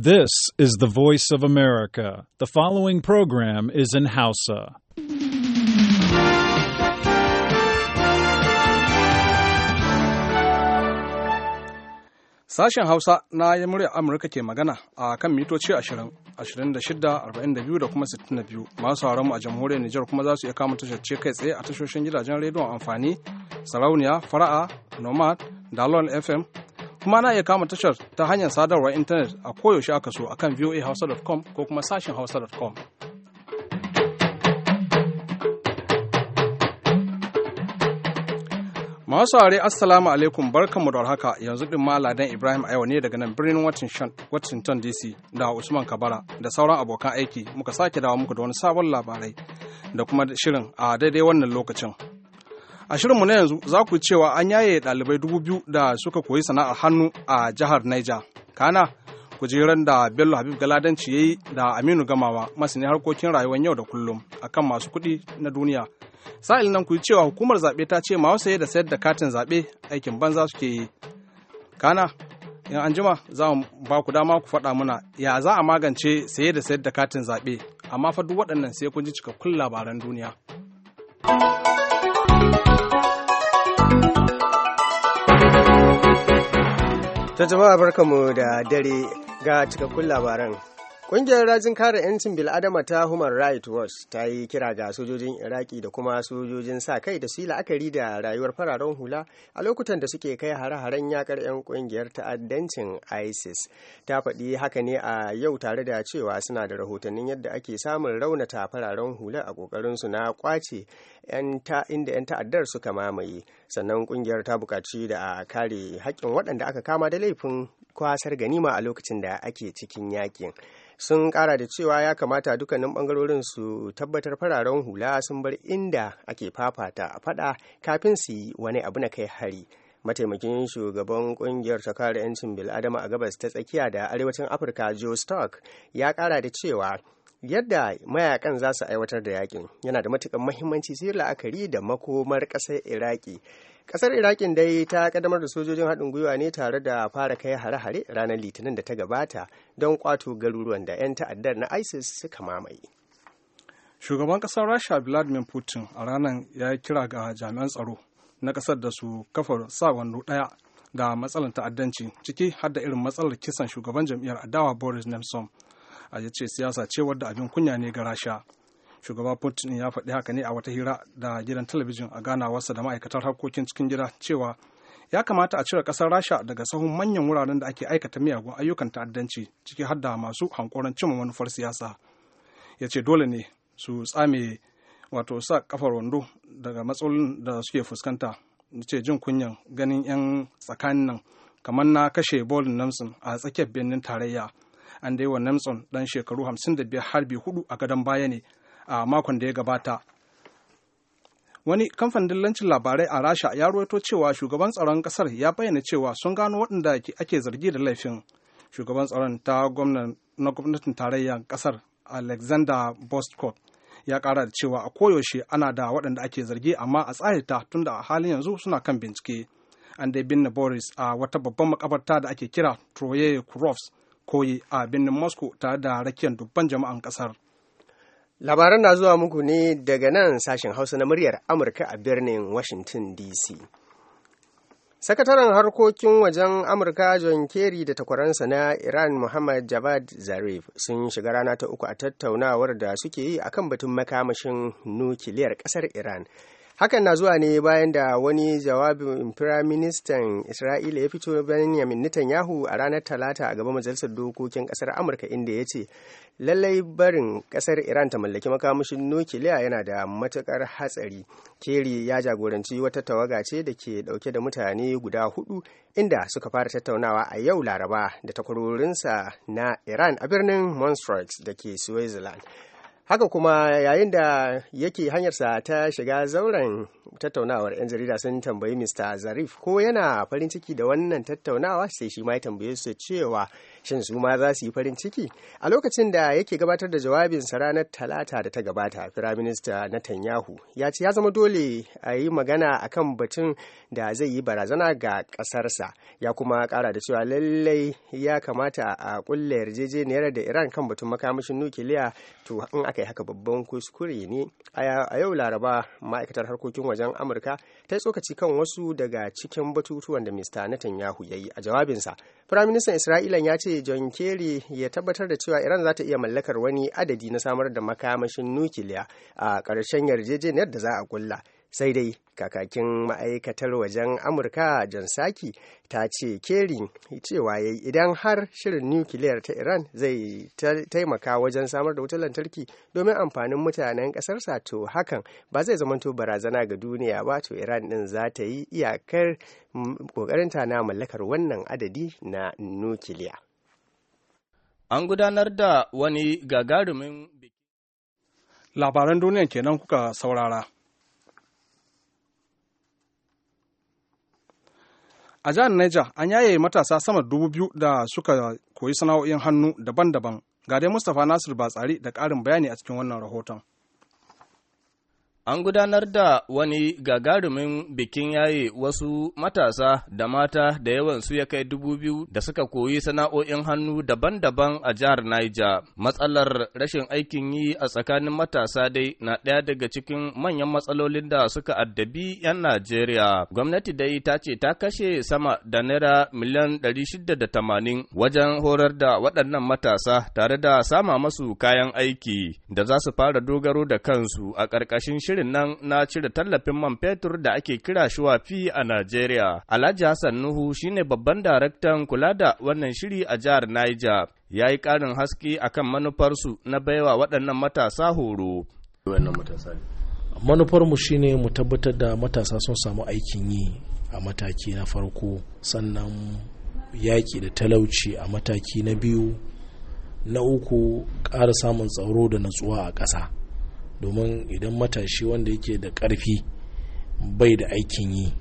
This is the voice of America. The following program is in Hausa. Sashen Hausa na ya murya Amurka ke magana a kan mitoci 20, 26, da kuma 62 masu mu a jamhuriyar Nijar kuma za su iya kama tashar kai tsaye a tashoshin gidajen rediyon amfani, sarauniya, fara'a, nomad, dalon FM, kuma na iya kama tashar ta hanyar sadarwar intanet a koyaushe aka so akan voahausa.com ko kuma sashen hausa.com. Masu saurare Assalamu alaikum barkanmu da haka yanzu ɗin ma Ladan Ibrahim a ne daga nan birnin Washington DC da Usman Kabara da sauran abokan aiki muka sake dawo muku da wani sabon labarai da kuma shirin a daidai wannan lokacin. A shirinmu na yanzu za ku cewa an yaye ɗalibai dubu biyu da suka koyi sana'ar hannu a jihar Niger. Kana kujeran da Bello Habib Galadanci ya yi da Aminu Gamawa masani harkokin rayuwar yau da kullum akan masu kuɗi na duniya. Sa'il nan ku cewa hukumar zaɓe ta ce masu saye da sayar da katin zaɓe aikin banza suke yi. Kana in an jima za mu ba ku dama ku faɗa muna ya za a magance saye da sayar da katin zaɓe amma fa duk waɗannan sai kun ji cikakkun labaran duniya. ta jama'a mu da dare ga cikakkun labaran Ƙungiyar rajin kare 'yancin bil'adama ta Human Rights Watch ta yi kira ga sojojin Iraki da kuma sojojin sa kai da su yi la'akari da rayuwar fararen hula a lokutan da suke kai hare-haren yakar 'yan ƙungiyar ta'addancin ISIS. Ta faɗi haka ne a yau tare da cewa suna da rahotannin yadda ake samun raunata fararen hula a ƙoƙarinsu na kwace inda 'yan ta'addar suka mamaye. Sannan ƙungiyar ta buƙaci da a kare haƙƙin waɗanda aka kama da laifin kwasar ganima a lokacin da ake cikin yakin. sun kara da cewa ya kamata dukkanin bangarorin su tabbatar fararen hula sun bar inda ake fafata a fada kafin su yi wani abu na kai hari mataimakin shugaban kungiyar ta kare 'yancin bil'adama a gabas ta tsakiya da arewacin afirka joe Stock ya kara da cewa yadda mayakan za su aiwatar da yakin yana da matukan mahimmanci sai la'akari da makomar ƙasar iraki kasar irakin dai ta kaddamar da sojojin haɗin gwiwa ne tare da fara kai hare-hare ranar litinin da ta gabata don kwato garuruwan da 'yan ta'addar na isis suka mamaye shugaban kasar rasha vladimir putin a ranar ya yi kira ga jami'an tsaro na kasar da su kafa sa wando ɗaya da matsalar ta'addanci ciki har da irin matsalar kisan shugaban jam'iyyar adawa boris nemtsov a yace siyasa ce wadda abin kunya ne ga rasha shugaba putin ya faɗi haka ne a wata hira da gidan talabijin a ganawarsa da ma'aikatar harkokin cikin gida cewa ya kamata a cire ƙasar rasha daga sahun manyan wuraren da ake aikata miyagun ayyukan ta'addanci ciki har da masu hankoron cimma manufar siyasa ya ce dole ne su tsame wato sa kafar wando daga matsalolin da suke fuskanta ya ce jin kunyan ganin 'yan tsakanin nan kamar na kashe bolin namson a tsakiyar birnin tarayya an da yi wa namson dan shekaru 55 harbi hudu a gadon baya ne a makon da ya gabata wani kamfanin dillancin labarai a rasha ya ruwaito cewa shugaban tsaron kasar ya bayyana cewa sun gano waɗanda ake zargi da laifin shugaban tsaron ta na gwamnatin tarayyar kasar alexander bostkov ya kara da cewa a koyaushe ana da waɗanda ake zargi amma a tsarita da a halin yanzu suna kan bincike an dai binne boris a wata babban makabarta da ake kira troye kurovs koyi a birnin moscow tare da rakiyar dubban jama'an kasar Labaran na zuwa muku ne daga nan sashen Hausa na muryar Amurka a birnin Washington DC. Sakataren harkokin wajen Amurka John Kerry da takwaransa na Iran Muhammad Javad Zarif sun shiga rana ta uku a tattaunawar da suke yi akan batun makamashin nukiliyar ƙasar Iran hakan na zuwa ne bayan da wani jawabin firaministan isra'ila ya fito benjamin netanyahu a ranar talata a gaba majalisar dokokin kasar amurka inda ya ce lallai barin kasar iran ta mallaki makamashin nukiliya yana da matukar hatsari keri ya jagoranci wata tawaga ce da ke dauke da mutane guda hudu inda suka fara tattaunawa a yau laraba da takwarorinsa na iran a birnin montreux da ke switzerland haka kuma yayin da yake hanyarsa ta shiga zauren tattaunawar 'yan jarida sun tambayi mr zarif ko yana farin ciki da wannan tattaunawa sai shi ma ya tambaye su cewa shin su ma za su yi farin ciki a lokacin da yake gabatar da jawabinsa ranar talata da ta gabata firaminista Natanyahu ya ce ya zama dole a yi magana akan batun da zai yi barazana ga ƙasarsa ya kuma ƙara da cewa lallai ya kamata a ƙulla yarjejeniyar da iran kan batun makamashin nukiliya to in aka aka yi haka babban kuskure ne a yau laraba ma'aikatar harkokin wajen amurka ta yi tsokaci kan wasu daga cikin batutuwan da mista netanyahu ya yi a jawabinsa firaministan isra'ilan ya ce john kerry ya tabbatar da cewa iran za ta iya mallakar wani adadi na samar da makamashin nukiliya a karshen yarjejeniyar da za a kulla sai dai kakakin ma'aikatar wajen amurka john saki ta ce kerin cewa ya idan har shirin nukiliyar ta iran zai taimaka wajen samar da wutar lantarki domin amfanin mutanen ƙasarsa to hakan ba zai zamanto barazana ga duniya ba to iran din za ta yi iyakar mm, ƙoƙarinta na mallakar wannan adadi na nukiliya an gudanar da wani gagarumin labaran duniya kenan kuka saurara a jihar niger an yaye matasa sama dubu biyu da suka koyi sana'o'in hannu daban-daban ga dai mustapha nasir batsari da ƙarin bayani a cikin wannan rahoton an gudanar da wani gagarumin bikin yaye wasu matasa da mata da yawan su ya kai dubu biyu da suka koyi sana'o'in hannu daban-daban a jihar Niger. Matsalar rashin aikin yi a tsakanin matasa dai na ɗaya daga cikin manyan matsalolin da suka addabi 'yan Najeriya. Gwamnati dai ta ce ta kashe sama da naira miliyan 680 wajen horar da waɗannan matasa tare da sama masu kayan aiki da za su fara dogaro da kansu a ƙarƙashin shirin shirin nan na cire tallafin man fetur da ake kira shuwafi a Najeriya. Alhaji Hassan Nuhu shine babban daraktan kula da wannan shiri a jihar Niger. Ya yi ƙarin haske akan manufarsu na baiwa waɗannan matasa horo. Manufarmu shine mu tabbatar da matasa sun samu aikin yi a mataki na farko sannan yaƙi da talauci a mataki na biyu na uku ƙara samun tsaro da natsuwa a ƙasa domin idan matashi wanda yake da ƙarfi bai da aikin yi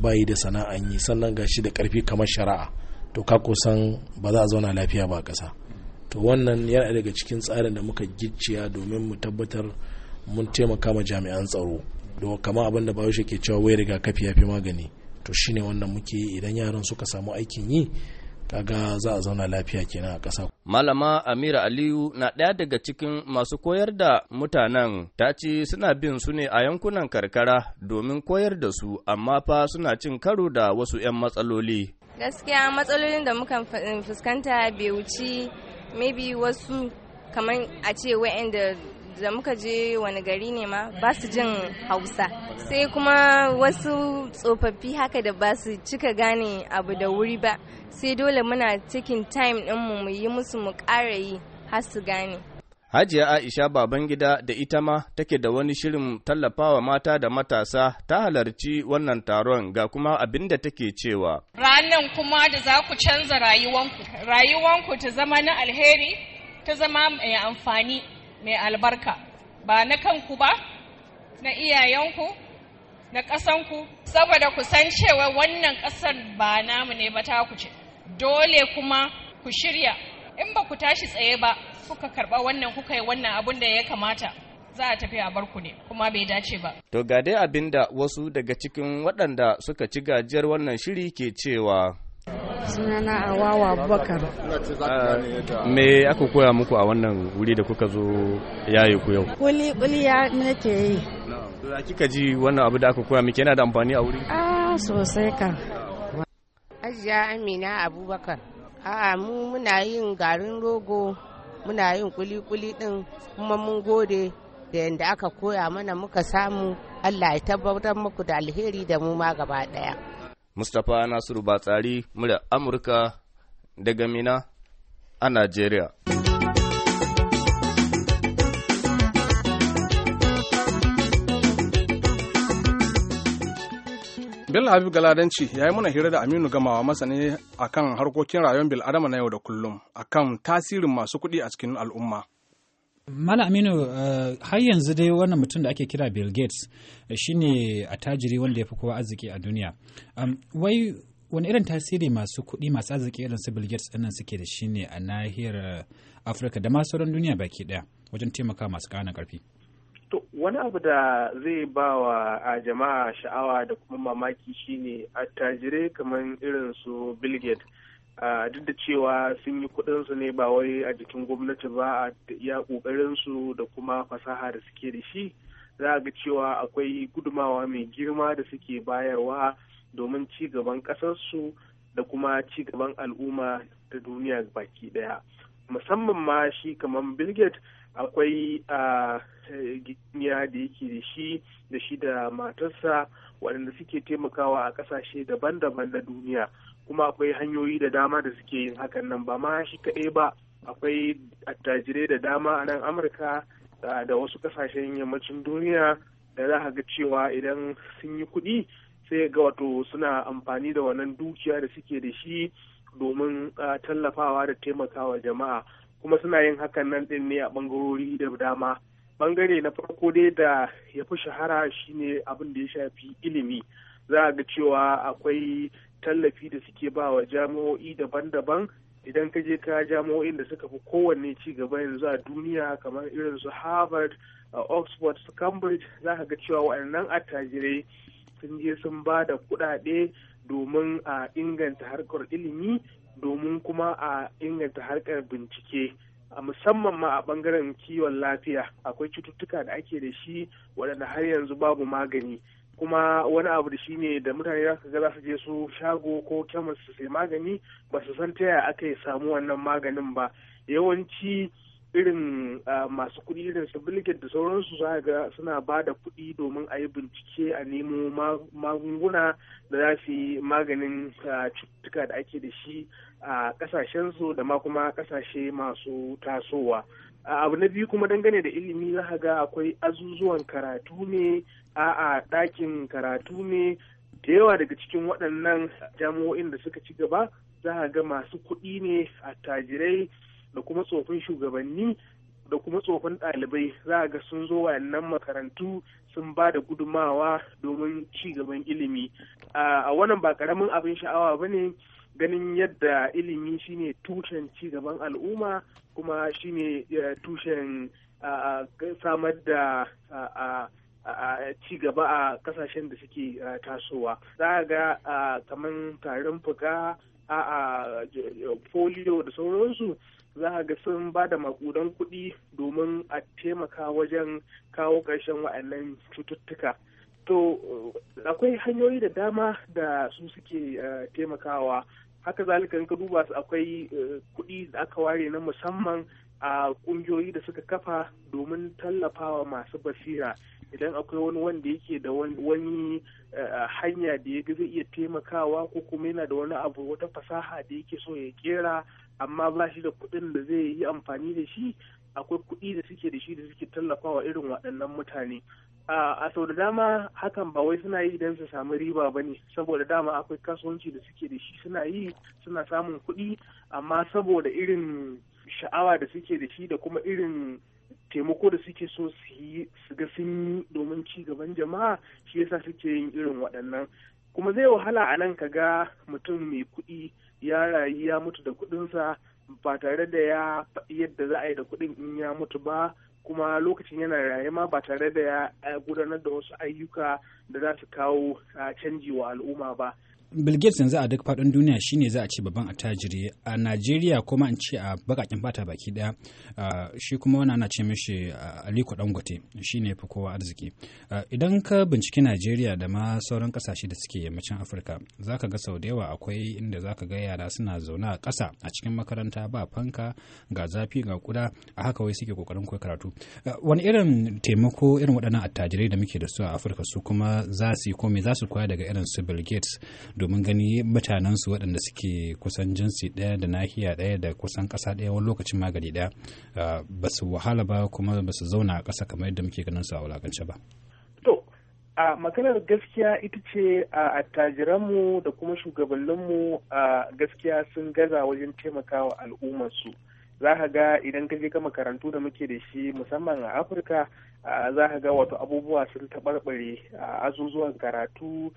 bai da sana'a yi sannan ga shi da ƙarfi kamar shari'a to ka kusan ba za a zauna lafiya ba kasa to wannan yana daga cikin tsarin da muka gicciya domin mu tabbatar mun taimaka ma jami'an tsaro da kama abin da bayo ke cewa wai rigakafi ya fi magani to shine wannan muke idan yaran suka samu aikin yi kaga za a zauna lafiya kenan a ƙasa. Malama Amira Aliyu na ɗaya daga cikin masu koyar da mutanen ta ce suna bin su ne a yankunan karkara domin koyar da su amma fa suna cin karo da wasu 'yan matsaloli. Gaskiya matsalolin da muka fuskanta bai wuci maybe wasu kamar a ce wa'anda da muka je wani gari ne ma ba su jin hausa sai kuma wasu tsofaffi haka da ba su cika gane abu da wuri ba sai dole muna cikin time din mu yi musu mu ƙara yi har su gane Hajiya Aisha baban gida da ita ma take da wani shirin tallafawa mata da matasa ta halarci wannan taron ga kuma abin da take cewa. Ranan kuma da za ku canza rayuwanku, rayuwanku ta zama na alheri, ta zama mai amfani mai albarka ba na kanku ba na iyayenku na ƙasanku saboda ku san cewa wannan ƙasar ba namu ne ba taku ce dole kuma ku shirya in ba ku tashi tsaye ba kuka karɓa wannan kuka yi wannan abun da ya kamata za a tafi a barku ne kuma bai dace ba. To ga dai abin da wasu daga cikin waɗanda suka ci gajiyar wannan shiri ke cewa. sunana a wawa bakar eh, me aka koya muku a wannan wuri da kuka zo yaye ku yau kuli kuli ya nake yi da kika ji wannan abu da aka koya miki yana da amfani a wuri ah sosai kan ajiya amina abubakar a'a mu muna yin garin rogo muna yin kuli kuli din kuma mun gode da yadda aka koya mana muka samu allah ya tabbatar muku da alheri da mu ma gaba daya Mustapha Nasiru Batsari, murya Amurka daga Mina a Najeriya. Bello Habib Galadanci ya yi mana hira da Aminu Gamawa masani akan harkokin rayuwar bil'adama na yau da kullum akan tasirin masu kuɗi a cikin al'umma. Mala Aminu eh, har yanzu dai wannan mutum da ake kira Bill Gates eh, shine tajiri wanda ya fi kowa arziki a duniya. Wai wani irin tasiri masu kuɗi masu arziki irin su Bill Gates ɗinnan suke da shi ne a nahiyar eh, Afirka da masu sauran duniya baki ɗaya wajen taimaka masu ƙananan ƙarfi. To wani abu da zai ba wa a jama'a sha'awa da kuma mamaki shine attajirai kamar irin su Bill Gates duk da cewa sun yi kudinsu ne ba wai a jikin gwamnati ba a iya ƙoƙarinsu da kuma fasaha da suke da shi za ga cewa akwai gudumawa mai girma da suke bayarwa domin ci gaban ƙasarsu da kuma ci gaban al'umma ta duniya baki ɗaya musamman ma shi kamar bill akwai a giniya da yake da shi da shi da matarsa waɗanda suke taimakawa a ƙasashe daban-daban na duniya kuma akwai hanyoyi da dama da suke yin hakan nan ba ma shi kaɗai ba akwai attajirai da dama a nan amurka da wasu kasashen yammacin duniya da za ga cewa idan sun yi kuɗi sai ga wato suna amfani da wannan dukiya da suke da shi domin tallafawa da taimakawa jama'a kuma suna yin hakan nan ɗin ne a ɓangarori da dama ɓangare na farko dai da ya fi shahara shine abin da ya shafi ilimi za a ga cewa akwai tallafi da suke ba wa jami'o'i daban-daban idan ka je ka jami'o'in da suka fi kowanne ci gaba yanzu a duniya kamar irin su harvard oxford su cambridge za ka ga cewa waɗannan attajirai sun je sun ba da kuɗaɗe domin a inganta harkar ilimi domin kuma a inganta harkar bincike a musamman ma a bangaren kiwon lafiya akwai cututtuka da ake da shi waɗanda har yanzu babu magani kuma wani abu da shi ne da mutane za su ga za su je su shago ko kemis su sai magani ba su san ta yaya aka yi samu wannan maganin ba yawanci irin masu kuɗi irin su bilgit da sauransu za ga suna ba da kuɗi domin a yi bincike a nemo magunguna da za su yi maganin cututtuka da ake da shi a ƙasashensu da ma kuma ƙasashe masu tasowa abu na biyu kuma dangane da ilimi za ga akwai azuzuwan karatu ne a'a ɗakin karatu ne da yawa daga cikin waɗannan jami'o'in da suka ci gaba za a ga masu kuɗi ne a tajirai da kuma tsofin shugabanni da kuma tsohon ɗalibai za ga sun zo wayannan makarantu sun ba da gudumawa domin ci gaban ilimi a wannan ba karamin abin sha'awa ba ne ganin yadda ilimi shine tushen ci gaban al'umma kuma shine tushen samar da ci gaba a kasashen da suke tasowa za a ga kamar tarin fuka a polio da sauransu za a ga sun ba da makudan kuɗi domin a taimaka wajen kawo ƙarshen wa'annan cututtuka to akwai hanyoyi da dama da su suke eh, taimakawa haka zalika ka duba su akwai eh, kuɗi da aka ware na musamman a ƙungiyoyi da suka kafa domin tallafawa masu basira idan akwai wani wanda yake da wani eh, hanya da ya zai iya taimakawa ko kuma yana da wani abu wata fasaha da yake so ya kera amma ba shi da kuɗin da zai yi amfani da shi akwai kuɗi da suke da shi da suke tallafawa irin waɗannan mutane a sau da dama hakan ba wai suna yi idan su samu riba ba ne saboda dama akwai kasuwanci da suke da shi suna yi suna samun kuɗi amma saboda irin sha'awa da suke da shi da kuma irin taimako da suke so su yi su ga sun yi domin ci gaban jama'a shi yasa suke yin irin waɗannan kuma zai wahala a nan ka ga mutum mai kuɗi ya rayu ya mutu da kuɗinsa ba tare da ya yadda za a yi da kuɗin in ya mutu ba kuma lokacin yana raye ma ba tare da ya gudanar da wasu ayyuka da za su kawo canji wa al'umma ba Bill Gates yanzu a duk faɗin duniya shine za a ce babban attajiri a Najeriya kuma in ce a bakakin fata baki daya shi kuma wani ana ce mishi Aliko Dangote shine fi kowa arziki. Idan ka binciki Najeriya da ma sauran kasashe da suke yammacin Afirka za ka ga sau da yawa akwai inda za ka ga yara suna zaune a ƙasa a cikin makaranta ba fanka ga zafi ga kuda a haka wai suke kokarin koyi karatu. Wani irin taimako irin waɗannan attajirai da muke da su a Afirka su kuma za su yi ko me za su koya daga irin su Bill Gates domin gani mutanensu waɗanda suke kusan jinsi ɗaya da nahiya ɗaya da kusan ƙasa ɗaya wani lokacin ma ɗaya ah, ba su wahala ba kuma ba su zauna a ƙasa kamar yadda muke ganin su a wulakance ba. To, a maganar gaskiya ita ce a attajiranmu da kuma shugabanninmu a gaskiya sun gaza wajen taimakawa al'ummarsu. su. za ka ga idan ka je ka makarantu da muke da shi musamman a afirka za ka ga wato abubuwa sun taɓarɓare azuzuwan karatu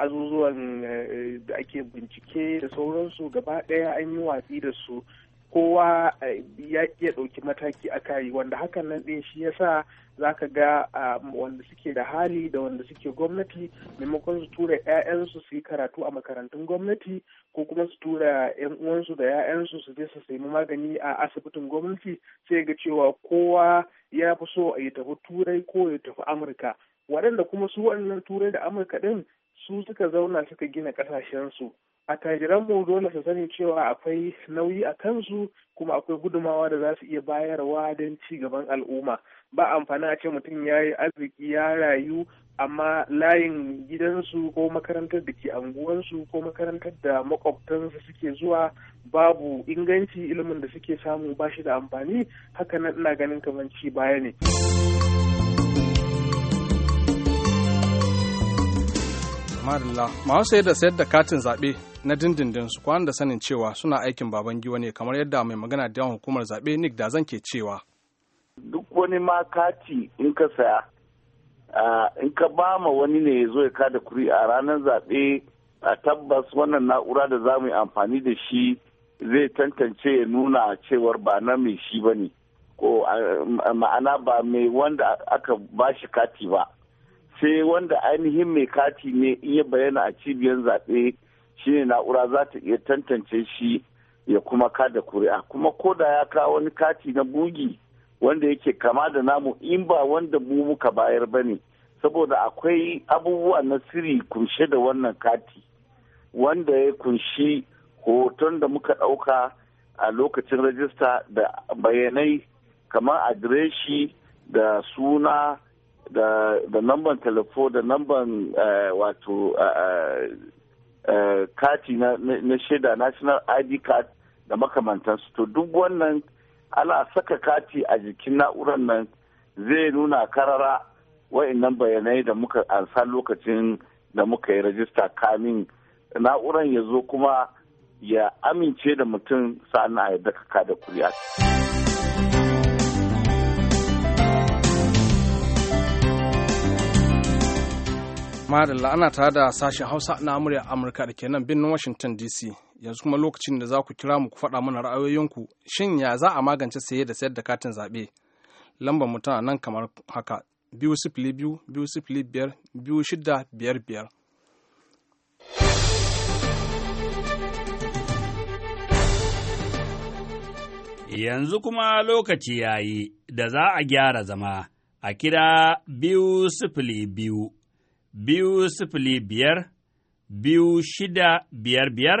azuzuwan eh, da ake bincike da sauransu gaba ɗaya an yi watsi da su kowa eh, ya ɗauki mataki a kai wanda hakan nan ɗin shi ya sa. za ka ga um, wanda suke da hali da wanda suke gwamnati maimakon su tura 'ya'yansu su yi karatu a makarantun gwamnati ko kuma su tura 'yan uwansu da 'ya'yansu su je su sami magani a asibitin gwamnati sai ga cewa kowa ya fi so yi tafi turai ko ya tafi amurka waɗanda kuma su waɗannan turai da amurka ɗin su suka zauna suka gina ƙasashensu a tajiranmu dole su sani cewa akwai nauyi a kansu kuma akwai gudumawa da za su iya bayarwa don ci gaban al'umma ba amfani a ce mutum ya yi arziki ya rayu amma layin gidansu ko makarantar da ke anguwansu ko makarantar da makwabtansu suke zuwa babu inganci ilimin da suke samu ba shi da amfani haka nan ina ganin kamar ci baya ne. masu sayar da sayar da katin zaɓe na dindindin su kwana da sanin cewa suna aikin baban giwa ne kamar yadda mai magana da yawan hukumar zaɓe Nick zan ke cewa. duk wani ma kati in ka saya in ka ba ma wani ne ya zo ya kada kuri a ranar zaɓe a tabbas wannan na'ura da za mu yi amfani da shi zai tantance ya nuna cewar ba na mai shi ba ne ko ma'ana ba mai wanda aka ba shi kati ba sai wanda ainihin mai kati ne iya bayyana a cibiyar zaɓe shine na'ura za ta iya tantance shi ya kuma kada kuri'a kuma ko da ya kawo wani kati na bugi wanda yake kama da namu in ba wanda mu muka bayar ba ne saboda akwai abubuwa na sirri kunshe da wannan kati wanda ya kunshi hoton da muka ɗauka a lokacin rajista da bayanai kamar adireshi da suna da, da namban telefo da namban eh, wato eh, eh, kati na, na, na shaida national id card da makamantansu to duk wannan ana saka kati a jikin na'urar nan zai nuna karara wa'annan bayanai da muka ansa lokacin da muka yi rajista kamin na'urar ya zo kuma ya amince da mutum sa'an a yadda da kuri'a. Madalla ana tare da sashen Hausa na Amurka da ke nan birnin Washington DC yanzu kuma lokacin da za ku kira mu ku faɗa mana ra'ayoyinku shin ya za a magance saye da sayar da katin zaɓe lambar mu tana nan kamar haka biyu sifili biyu biyu sifili biyar biyu shida biyar biyar yanzu kuma lokaci ya yi da za a gyara zama a kira biyu sifili biyu biyu sifili biyar biyu shida biyar biyar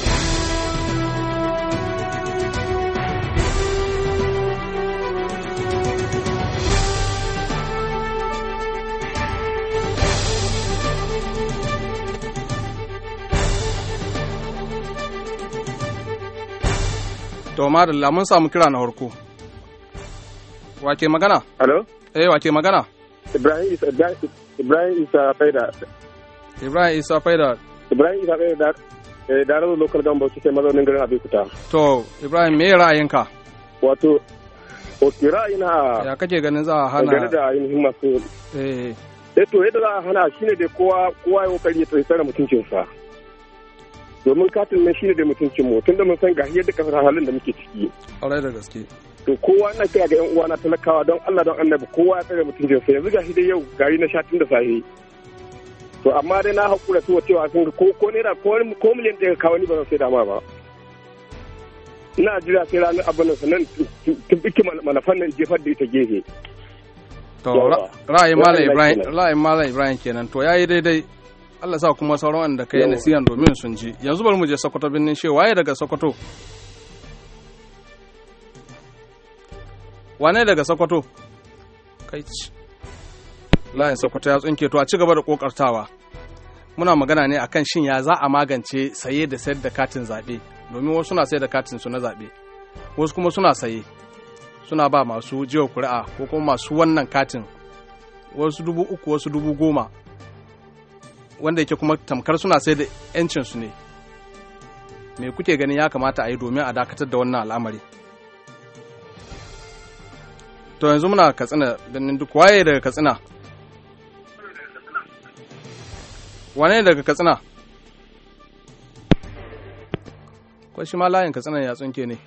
To madalla mun samu kira na harko. Wake magana? Halo? Eh wake magana? Ibrahim Isa Ibrahim Isa Faida. Ibrahim Isa Faida. Ibrahim Isa Faida da eh, da rabu local gamba su sai mazaunin garin Abeokuta. To Ibrahim me ra'ayinka? Wato Oke ra'ayina. Ya kake ganin za a hana? gani da himma su. Eh. Eh to yadda za a hana shine da kowa kowa ya kokari ya tsara mutuncinsa. domin katin nan shine da mutuncin mu tunda mun san ga yadda kasar halin da muke ciki ƙwarai da gaske to kowa na kira ga yan uwa na talakawa don Allah don Annabi kowa ya tsare mutuncin sa yanzu gashi dai yau gari na shatin da safe to amma dai na hakura su cewa sun ko ko naira ko ko miliyan ɗaya kawo ni ba zan sai dama ba ina jira sai ranar abin nan sannan tubbiki malafan nan jefar da ita gefe to ra'ayin malam ibrahim ra'ayin malam ibrahim kenan to yayi daidai Allah sa kuma sauran wanda kai nasihan domin sun ji yanzu bari mu je Sokoto birnin she waye daga Sokoto wane daga Sokoto kai layin Sokoto ya tsinke to a ci gaba da kokartawa muna magana ne akan shin ya za a magance saye da sayar da katin zaɓe domin wasu suna sayar da katin su na zaɓe wasu kuma suna saye suna ba masu jiwa kuri'a ko kuma masu wannan katin wasu dubu uku wasu dubu goma wanda yake kuma tamkar suna sai da 'yancinsu ne me kuke ganin ya kamata a yi domin a dakatar da wannan al'amari to yanzu muna katsina ganin duk waye daga katsina wane daga katsina ko shi ma layin katsina ya tsunke ne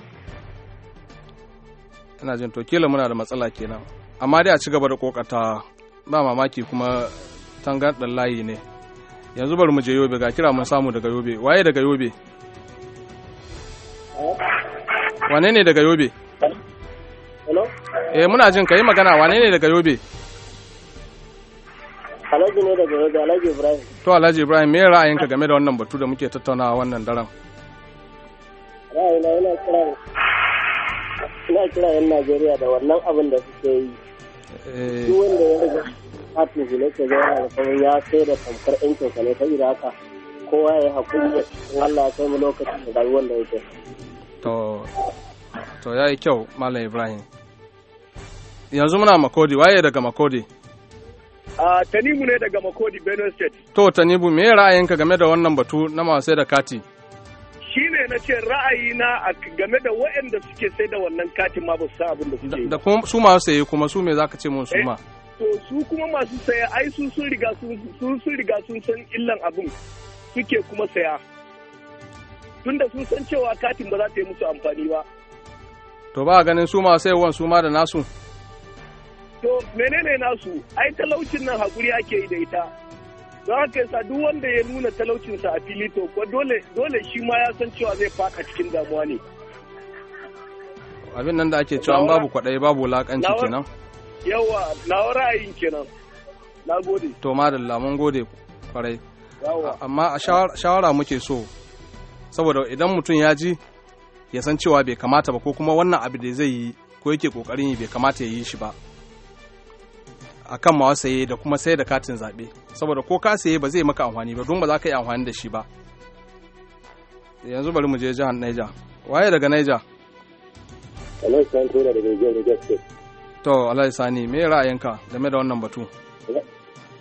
ina jin to kila muna da matsala kenan amma dai a ci gaba da kokata ba mamaki kuma tangar layi ne yanzu bari mu je yobe ga kira mun samu daga yobe waye daga yobe wane ne daga yobe eh muna jin ka yi magana wane ne daga yobe alhaji ne daga yobe alhaji ibrahim to alhaji ibrahim me ka game da wannan batu da muke tattaunawa wannan daren ra'ayina yana kira ina kira yan najeriya da wannan abin da suke yi eh. duk wanda ya katin hulai ke zai yana da ya sai da tamkar ɗinkin sa ne saboda haka kowa ya haƙuri in Allah ya kai mu lokacin da rayuwar da yake. To, to ya yi kyau Malam Ibrahim. Yanzu muna Makodi, waye daga Makodi? A Tanimu ne daga Makodi, Benue State. To, Tanibu, me ra'ayinka game da wannan batu na masu sai da kati? Shi ne na ce ra'ayina game da waɗanda suke sai da wannan katin ma ba su sa abin da suke. yi. Da kuma su masu saye kuma su me za ka ce mun su ma? Eh, to su kuma masu saya ai su sun riga sun sun riga sun san illan abin suke kuma saya tunda sun san cewa katin ba za ta yi musu amfani ba to ba ganin su masu yawan su ma da nasu to menene nasu ai talaucin nan hakuri ake yi da ita don haka yasa duk wanda ya nuna talaucinsa a fili to ko dole dole shi ma ya san cewa zai faka cikin damuwa ne abin nan da ake cewa babu kwaɗayi babu wulaƙanci kenan yawa na ra'ayin kenan na gode to madalla mun gode kwarai amma a shawara muke so saboda idan mutum ya ji ya san cewa bai kamata ba ko kuma wannan abu da zai yi ko yake kokarin yi bai kamata ya yi shi ba a kan ma saye da kuma sai da katin zaɓe saboda ko ka saye ba zai maka amfani ba don ba za ka yi amfani da shi ba yanzu bari mu je jihar Niger waye daga Niger Alhaji Santora daga Niger to Allah ya sani me ra'ayinka game da wannan batu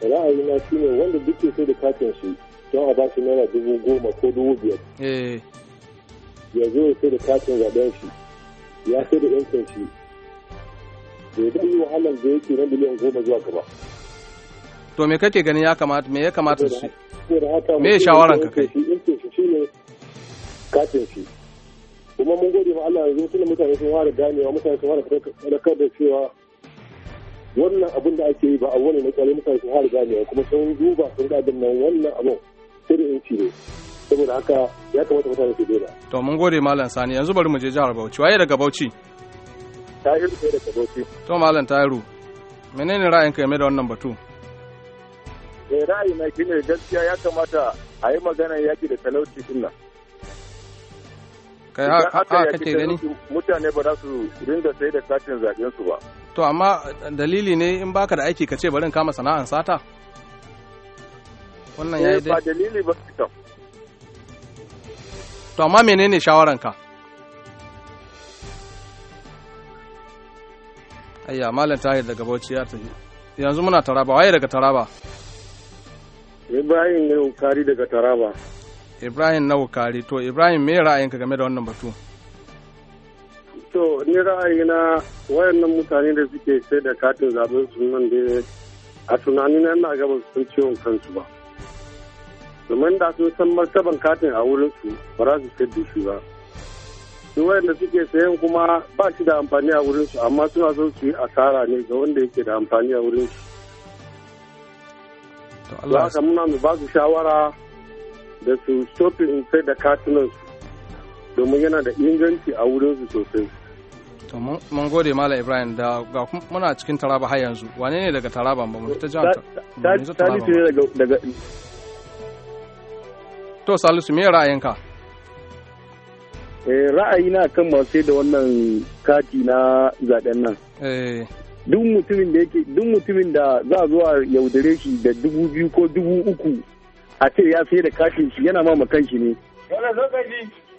ra'ayina shine wanda duk ke sai da katin shi don a ba shi naira dubu goma ko dubu biyar Eh. ya zo ya sai da katin zaben shi ya so da yancin shi bai dan yi wahalar da yake na miliyan goma zuwa gaba to me kake ganin ya kamata me ya kamata su me shawaran ka kai katin shi kuma mun gode ma Allah yanzu tunda mutane sun fara ganewa mutane sun fara sadakar da cewa wannan abin da ake yi ba abu ne na tsare mutane sun fara ganewa kuma sun duba sun ga abin nan wannan abin sai da yanci ne saboda haka ya kamata mutane su daina. to mun gode malam sani yanzu bari mu je jihar bauchi waye daga bauchi. tahiru ne daga bauchi. to malam tahiru menene ra'ayinka game da wannan batu. eh ra'ayi na shine gaskiya ya kamata a yi maganar yaki da talauci sunan. kai haka kake gani mutane ba za su rinda sai da katin zaben su ba to amma dalili ne in baka da aiki ka ce bari in kama sana'an sata wannan yayi eh, dai ba dalili ba to amma menene shawaranka ayya malam tahir daga bauchi ya tafi yanzu muna taraba waye daga taraba ibrahim ne kari daga taraba Ibrahim wukari to Ibrahim me ra'ayinka game da wannan batu? To ni ra'ayina wayannan mutane da suke sai da katin zaben su nan da a tunanina ina gaba sun ciwon kansu ba. domin da sun san martaban katin a wurinsu ba za su sai da shi ba Su wayanda suke sayan kuma ba shi da amfani a wurinsu amma suna son su yi asara ne ga wanda yake da amfani a wurinsu to Allah muna mu ba su shawara da su sofi in sai da katunan domin yana da inganci a wurinsu sosai. To mun gode Malam Ibrahim da ga muna cikin Taraba har yanzu. Wane ne daga Taraba ba mu ta jihar Taraba? ne daga To Salisu me ra'ayinka? Eh na kan masu da wannan kati na zaben nan. Eh duk mutumin da yake duk mutumin da za a zuwa yaudare shi da dubu biyu ko dubu uku a ce ya sai da kashin shi yana ma kanshi ne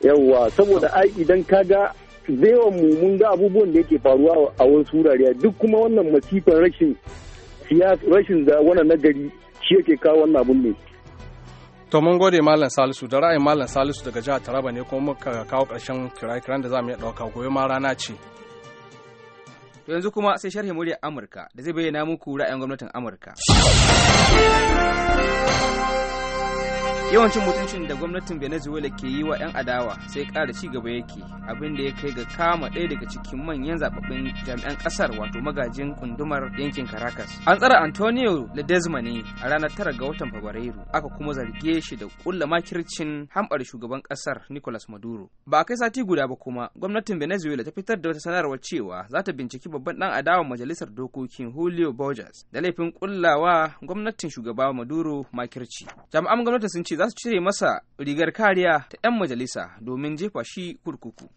yawwa saboda ai idan ka ga zaiwan mu mun ga abubuwan da yake faruwa a wasu wurare duk kuma wannan masifan rashin rashin da wani nagari shi yake kawo wannan abun ne to mun gode malam salisu da ra'ayin malam salisu daga jihar taraba ne kuma muka kawo karshen kira kiran da za mu iya ɗauka gobe ma rana ce to yanzu kuma sai sharhi muryar amurka da zai bayyana muku ra'ayin gwamnatin amurka yawancin mutuncin da gwamnatin venezuela ke yi wa 'yan adawa sai ƙara ci gaba yake abin da ya kai ga kama ɗaya daga cikin manyan zababbin jami'an ƙasar wato magajin kundumar yankin caracas an tsara antonio ledesma ne a ranar tara ga watan fabrairu aka kuma zarge shi da ƙulla makircin hambar shugaban ƙasar nicolas maduro ba a kai sati guda ba kuma gwamnatin venezuela ta fitar da wata sanarwar cewa za ta binciki babban ɗan adawa majalisar dokokin julio borges da laifin ƙullawa gwamnatin shugaba maduro makirci jami'an gwamnati sun ce za su cire masa rigar kariya ta 'yan majalisa domin jefa shi kurkuku.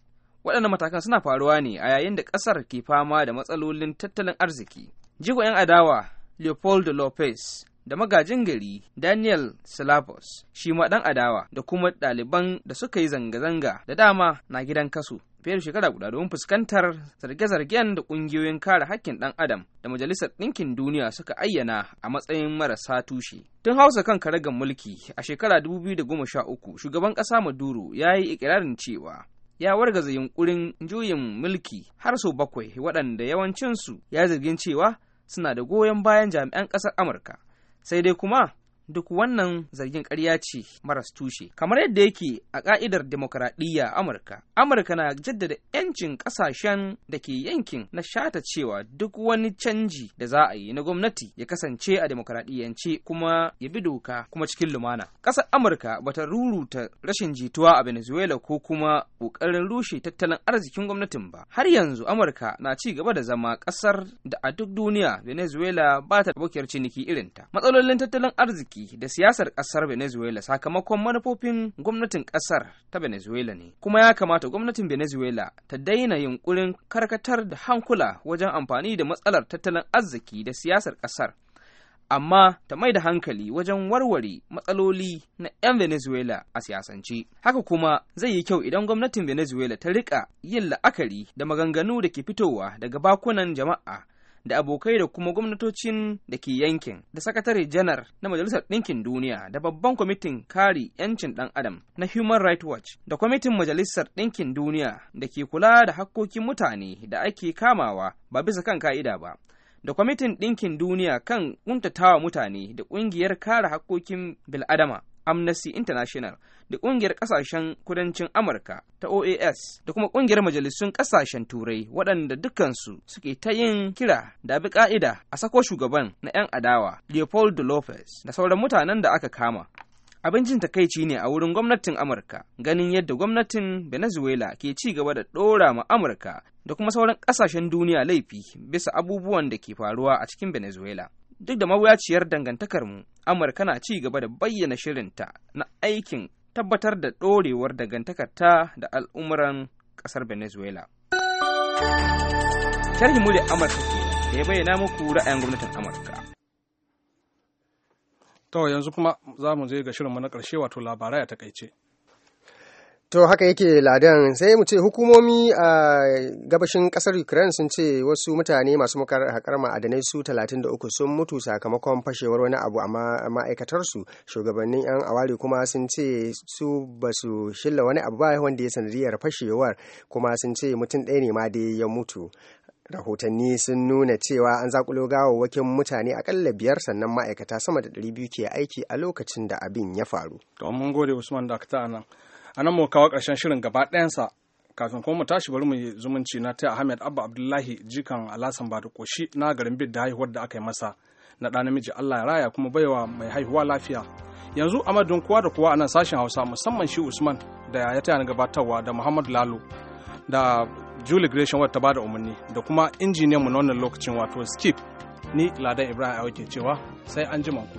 Waɗannan matakan suna faruwa ne a yayin da ƙasar ke fama da matsalolin tattalin arziki. Jigo 'yan adawa leopold Lopez da magajin gari Daniel Salabos shi ma ɗan adawa da kuma ɗaliban da suka yi zanga-zanga da dama na gidan kaso fiye da shekara guda domin fuskantar zarge-zargen da ƙungiyoyin kare hakkin ɗan adam da majalisar ɗinkin duniya suka ayyana a matsayin marasa tushe tun hausa kan karagar mulki a shekara biyu da goma sha uku, shugaban ƙasa maduro ya yi ikirarin cewa ya wargaza yunkurin juyin mulki har sau bakwai waɗanda yawancinsu ya zargin cewa suna da goyon bayan jami'an ƙasar amurka sai dai kuma duk wannan zargin ƙarya ce maras tushe kamar yadda yake a ka'idar demokaradiyya amurka amurka na jaddada 'yancin ƙasashen da ke yankin na shata cewa duk wani canji da za a yi na gwamnati ya kasance a demokaradiyyance kuma ya bi doka kuma cikin lumana ƙasar amurka bata ruruta rashin jituwa a venezuela ko kuma ƙoƙarin rushe tattalin arzikin gwamnatin ba har yanzu amurka na ci gaba da zama ƙasar da a duk duniya venezuela ba ta abokiyar ciniki irinta matsalolin tattalin arziki da siyasar ƙasar Venezuela sakamakon manufofin gwamnatin ƙasar ta Venezuela ne. Kuma ya kamata gwamnatin Venezuela ta daina yunkurin karkatar da hankula wajen amfani da matsalar tattalin arziki da siyasar ƙasar. amma ta mai da hankali wajen warware matsaloli na 'yan Venezuela a siyasance. Haka kuma zai yi kyau idan gwamnatin Venezuela ta riƙa yin la'akari da maganganu da ke fitowa daga bakunan jama'a da abokai da kuma gwamnatocin da ke yankin da sakatare janar na majalisar ɗinkin duniya da babban kwamitin Kari 'yancin ɗan adam na human rights watch da kwamitin majalisar ɗinkin duniya da ke kula da hakkokin mutane da ake kamawa ba bisa kan ka'ida ba da kwamitin ɗinkin duniya kan ƙuntatawa mutane da ƙungiyar kare hakkokin bil'adama amnesty international da ƙungiyar ƙasashen kudancin amurka ta oas da kuma ƙungiyar majalisun ƙasashen turai waɗanda dukansu suke ta yin kira da bi ƙa'ida a sako shugaban na 'yan adawa leopold lopez da sauran mutanen da aka kama abin jin takaici ne a wurin gwamnatin amurka ganin yadda gwamnatin venezuela ke ci gaba da ɗora ma amurka da kuma sauran ƙasashen duniya laifi bisa abubuwan da ke faruwa a cikin venezuela duk da mawuyaciyar dangantakarmu amurka na ci gaba da bayyana shirinta na aikin tabbatar da ɗorewar dangantakarta da al'umuran ƙasar venezuela sharhi muryar amurka ke da ya bayyana muku ra'ayin gwamnatin amurka to yanzu kuma za mu je ga shirinmu na ƙarshe wato labarai a takaice To haka yake ladan sai mu ce hukumomi a gabashin kasar Ukraine sun ce wasu mutane masu haƙar ma'adanai su 33 sun mutu sakamakon fashewar wani abu a ma'aikatarsu shugabannin 'yan awari kuma sun ce su basu su shilla wani abu ba wanda ya sanadiyar fashewar kuma sun ce mutum ɗaya ne ma dai ya mutu. rahotanni sun nuna cewa an zakulo gawawwakin mutane akalla biyar sannan ma'aikata sama da 200 ke aiki a lokacin da abin ya faru. To mun gode Usman da nan. a nan mu kawo ƙarshen shirin gaba ɗayansa kafin kuma mu tashi bari mu yi zumunci na ta Ahmed Abba Abdullahi jikan Alasan ba da koshi na garin bid da haihuwar da aka yi masa na ɗa namiji Allah ya raya kuma baiwa mai haihuwa lafiya yanzu a kowa da kowa a nan sashen Hausa musamman shi Usman da ya taya na gabatarwa da Muhammad Lalo da Julie Gresham wadda ta bada umarni da kuma injiniyan mu na wannan lokacin wato Skip ni Ladan Ibrahim Ayo ke cewa sai an jima ku.